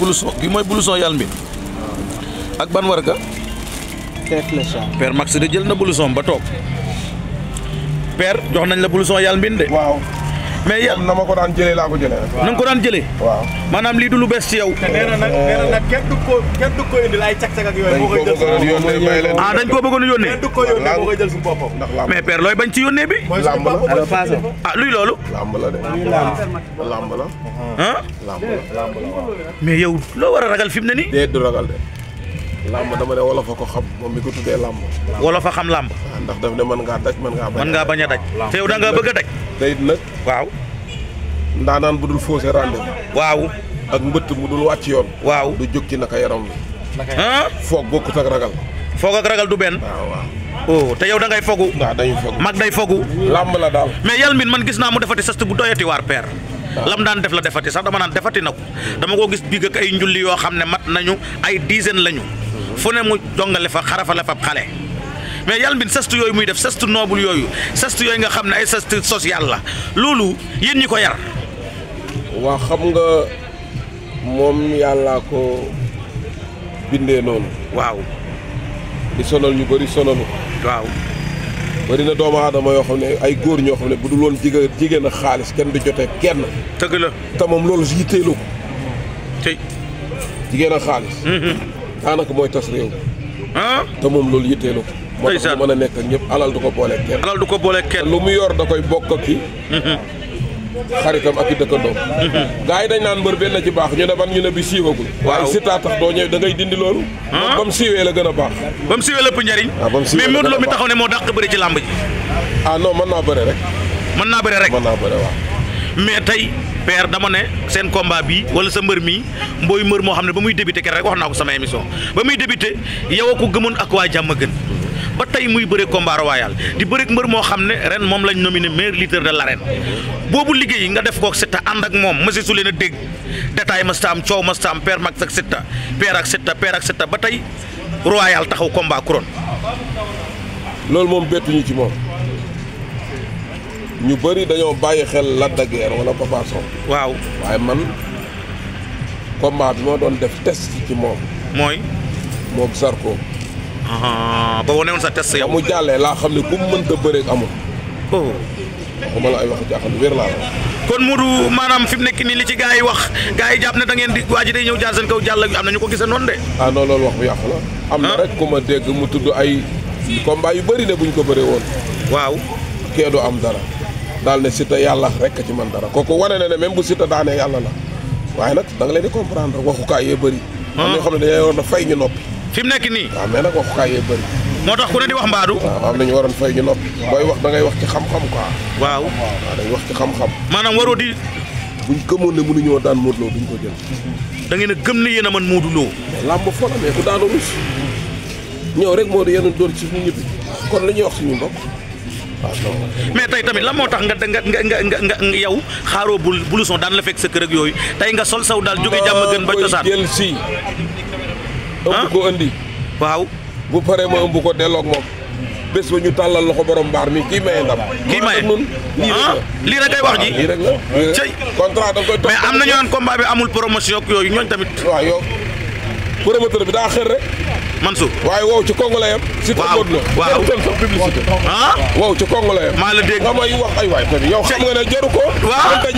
blouson bi mooy blouson yàlla mbin ak ban warga père Max de jël na blouson ba toog père jox nañ la blouson yàlla mbin de waaw mais yéen na ma ko daan jëlee laa ko jëlee rek. na nga ko daan lii du lu bees ci yow. te nee ko kenn du ko indil ay cag ah, dañ koo bëggoon a yónnee. kenn du ko yónnee moo koy jël suñu boppam. ndax làmb mais père looy bañ ci yónnee bi. làmb ah, luy loolu. làmb la yow loo war a ragal fi mu ne nii. déet du lamb dama ne wolof a ko xam moom mi ko tuddee lamb. wolof a xam lamb. ndax daf ne mën ngaa daj mën ngaa. mën ngaa bañ a daj te yow da nga bëgg a daj. te it nag. waaw. ndaanaan bu dul faussé rendez ak mbëtt mu dul yoon. waaw du jóg ci naka yaram bi. foog bokkut ak ragal. foog ak ragal du benn. waaw oh te yow da ngay fogu. waaw dañuy fogu mag day fogu. lamb la daal. mais yal min man gis naa mu defati sëst bu doyati waar peer. lam daan def la defati sax dama naan defati na dama ko gis biig ak ay njulli yoo xam ne mat nañu ay dizaine lañu fu ne mu jongale fa xarafale fa xale mais yal mbin sastu yooyu muy def sastu noobul yooyu sastu yooyu nga xam ne ay sastu social la loolu yéen ñi ko yar waa xam nga moom yàlla ko bindee noonu waaw di sonal ñu bëri sonalu waaw bëri na doomu aadama yoo xam ne ay góor ñoo xam ne bu dul woon jigéen jigéen a xaalis kenn du jotee kenn dëgg la te moom loolu yitteelu ko tey jigéen xaalis mm-hmm. daanaka mooy tas réew. ah te moom loolu yitteelu ko. moo tax mu mën a nekk ak ñëpp alal du ko boole kenn. alal du ko boole kenn. lu mu yor da koy bokk ki mhm. xaritam ak i dëkkandoo. Mhm. gars yi dañ naan mbër benn ci baax ñu ne ban ñu ne bi siiwagul. waaw waaye Siteu tax doo ñëw da ngay dindi loolu. moom ba mu siiwee la gën a baax. ba mu siiwee lépp njariñ. waaw ah, ba mu a baax mais Modou Lo mi taxaw ne moo dàq bëri ci làmb ji. ah non mën naa bëre rek. mën naa bëre rek mën naa bëre mais tay père dama né sen combat bi wala sa mbeur mi mboy mbeur mo xamné bamuy débuter muy rek waxnako sama émission bamuy débuter débuté ak wa gën ba tay muy bëré combat royal di bëré mbeur mo xamné ren momlan lañ nominé maire leader de reine bobu liggéey nga def ak Siteu and ak mom monsieur souléna leen dégg détail masta am ciow masta am père max ak Siteu père ak Siteu père ak Siteu ba tay royal taxaw combat couronne loolu moom bettuñu ci mom ñu bari dañoo bàyyi xel Lac de Guiers wala Papa waaw waaye man combat bi moo doon def test ci moom. mooy. moom Sarko. Ah, ba wane woon sa test yow. mu jàllee laa xam ne ku mu mënta bëreeg amul. oh. waxuma la ay wax jaaxal wér laa la. kon Modou maanaam fi mu nekk nii li ci gaa yi wax gars yi jàpp ne dangeen di waa ji day ñëw jaar seen kaw jàll am na ñu ko gisee noon de. ah non loolu wax bu yàqu la. am na ah. rek ku ma dégg mu tudd ay. combat yu bari ne buñ ko bëree woon. waaw. kee du am dara. dal ne Siteu yalla rek ci man dara koku wane na ne même bu Siteu dané yalla la waaye nak da nga lay di comprendre waxukaay yee bëri. Ah. am ñu ñoo xam ne dañoo fay ñu nopi fim nek ni nii. waaw mais nag waxukaay yee bëri. moo tax ku ne di wax mbaadu. am nañu waron fay ñu nopi boy wax da ngay wax ci xam-xam quoi. waaw da ngay wax ci xam-xam. manam waro di. buñ gëmoon mënu mënuñoo daan modlo Lo duñ ko jël. da ngay na gëm ni yéen man modulo lamb fo la mais ku daanu rus. ñëw rek modu yéen a ci suñu ñibbi kon li wax ci ñu mbokk mais tay tamit la motax nga nga nga nga nga nga yow xaro bul buluson dan la fek sa kër ak yoy tay nga sol saw dal jóge jàmm gën ba tosan jël si ko andi waw bu paree ma ëmb ko delloog mom bes ba ñu talal loxo borom bar mi ki maye ndam ki maye li rek ay wax ji lii contrat da koy mais am na ñoo combat bi amul promotion yoy ñooñ tamit waaw yo promoteur bi da xër rek Mansour waaye wow ci Congo la yem si Modou Lo waaw sax ah? la maa la dégg nga may wax ay waay yow xam nga ne jaru ko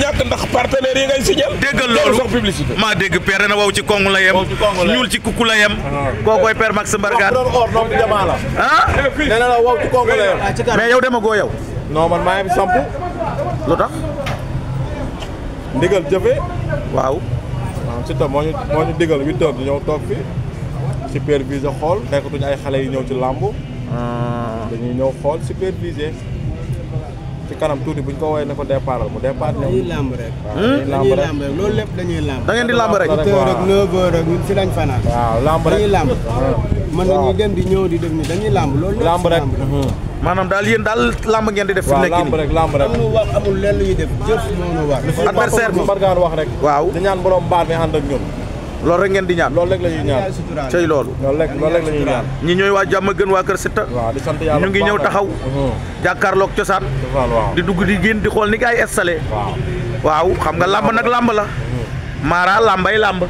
ñàkk ndax partenaires yi ngay signal déggal maa dégg père na wow ci Congo la yem ñuul ci kukku la yem ah. kookoy père Max Mbargane ah nee na la wow ci Congo la yem mais yow dema goo yow non maa ngi samp lu tax ndigal jëfe waaw ah, Siteu moo ñu moo ñu digal ñëw toog fii superviser xool nekkatuñu ay xalé yi ñew ci ah dañuy ñew xool superviser ci kanam tuti buñ ko woy ne ko départal mu départ ñëw dañuy lamb rek hmm? dañuy lamb rek lool lepp dañuy lamb da ngeen di lamb rek huit heures ak neuf heures ak ci lañ fanal waaw lamb rek dañuy lamb man nañuy dem di ñew di def ni dañuy lamb lool lamb rek hmm. manam dal yeen dal lamb ngeen di def fi nek ni lamb rek lamb rek amul wax amul lenn ñuy def jëf moo war adversaire bi bargaan wax rek waaw di ñaan borom baar mi and ak ñun loolu rek ngeen di ñaan loolu rek la ñuy ñaan cey loolu loolu rek loolu rek la ñuy ñaan ñi ñooy waa jàmm gën waa kër Siteu waaw di sant yàlla ñu ngi ñëw taxaw jàkkaarloog cosaan di dugg di génn di xool ni gaay installé waaw xam nga làmb nag làmb la maara làmbay làmb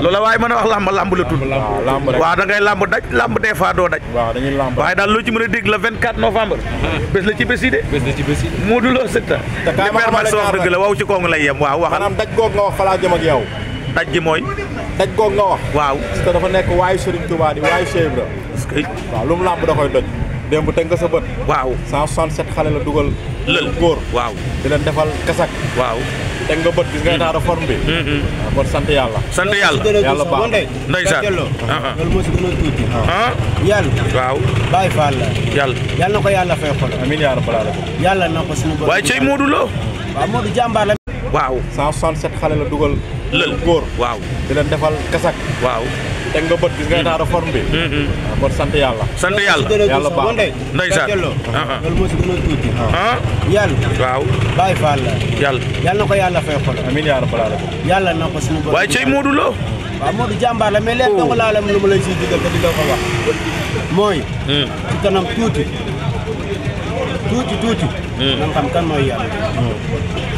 loola waaye mën a wax làmb làmb la tudd waaw da ngay làmb daj làmb des fois doo daj waaye daal loo ci mën a dégg le 24 novembre bés la ci bés yi de Modou Lo Siteu li père Max wax dëgg la waaw ci kaw lay yem waaw waxal daj googu nga wax fa jëm ak yow daj ji mooy daj goog nga wax. waaw parce que nekk waayu Serigne Touba di waayu Cheikh Ibra. est-ce que waaw lu mu làmb da koy doj. démb teg nga la dugal. lël góor waaw. defal kasak. waaw teg nga bët gis nga état de bi. Mm-hmm. waaw sant yàlla. sant yàlla yàlla baax ndeysaan uh-huh. loolu moo a tuuti. Uh-huh. Ah. yàlla. waaw bàyyi fa la. yàlla yàlla na ko yàlla fay xol. amiin yaa rabbal aalamiin. yàlla na ko suñu borom. waaye cey Modou waaw Modou jàmbaar la. waaw xale la dugal. lël wow waaw di kesak defal kasak waaw teg nga bët gis nga bi kon sant yàlla sant yàlla yàlla baax deh loolu moo si gën a tuuti yàlla waaw bàyyi faal la yàlla yàlla na ko yàlla fay xol amin ya rabbal alamin yàlla na suñu mau, waaye cey Modou Lo waaw Modou jàmbaar la mais leen dong laa lam lu ma lay siy digal te di la ko wax mooy ci kanam tuuti tuuti tuuti na kan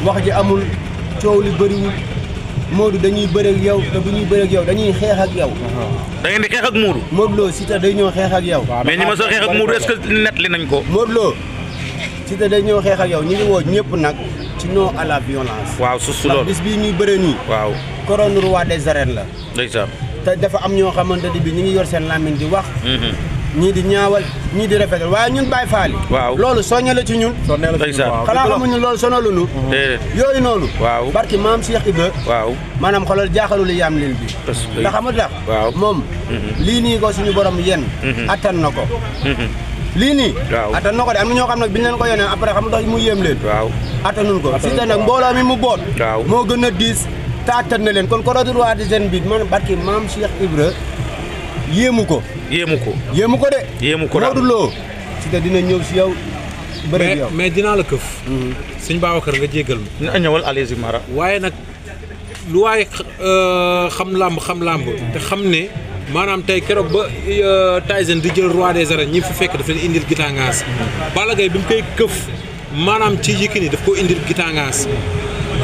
wax ji amul coow li Modou dañuy bëreeg yow te bu ñuy bëreeg yow dañuy xeex ak yow. da ngeen di xeex ak Modou. Modou Lo Siteu day ñëw xeex ak yow. mais ñi ma sa xeex ak Modou est-ce net li nañ ko. Modou Lo Siteu day ñëw xeex ak yow ñu ngi woo ñëpp nag ci non à la violence. waaw su su loolu bis bii ñuy bëree nii. waaw couronne roi des arènes la. ndeysaan. te dafa am ñoo xamante ne bi ñu ngi yor seen làmmiñ di wax. Mhm. ñi di ñaawal ñi di rafetal waaye ñun bay faali waaw loolu soññe ci ñun soññe la ci ñun xanaa xamuñu loolu sonalu ñu yoy noonu waaw barki maam Cheikh ibe waaw maanaam xoolal jaaxalu li yam leen bi ndax xamul tax mom mhm. li ni ko suñu borom yenn mhm. atan nako mhm. li ni atan nako de am ñoo xam nak biñ leen ko yone après xam tax mu yem leen waaw attanul ko si te nak mbolo mi mu bot mo gëna 10 ta te leen kon ko dootul waa di seen bi man barki maam Cheikh ibe yéemu ko. yéemu ko yéemu ko de. yéemu ko daal Modou dina ñëw si yow. bëri yow mais dinaa la këf. Mhm. suñ Babacar nga jéggal ma. na ñëwal Alési Mara. waaye nag lu waaye euh, xam làmb xam làmb. te xam ne maanaam tey keroog ba euh, Tyson di jël roi de arènes ñii fi fekk daf leen indil gitangaas. Balla Gaye bi mu koy këf maanaam ci ni daf koo indil gitangaas.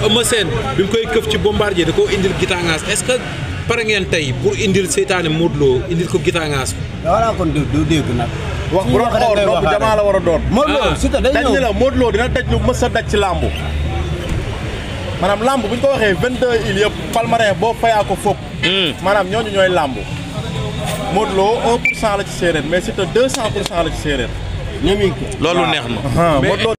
Eumeu Sène bi mu koy këf ci Bombardier da koo indil gitangaas est-ce que. pare ngeen tey pour indil seytaane Modou Lo indil ko gitaangaas wala kon du du dégg nag wax bu doon xool doomu jamaa la wara doon Modou Lo ah. si day ñu la modlo dina daj lu mësa a daj ci lamb maanaam làmb bu ko waxe 22 il yëpp palmarès bo faya ko fop hmm. manam ñooñu ñooy làmb Modou Lo 1 la ci séeréer mais c'est 200 la ci séeréer ñoom lolu neex na ah,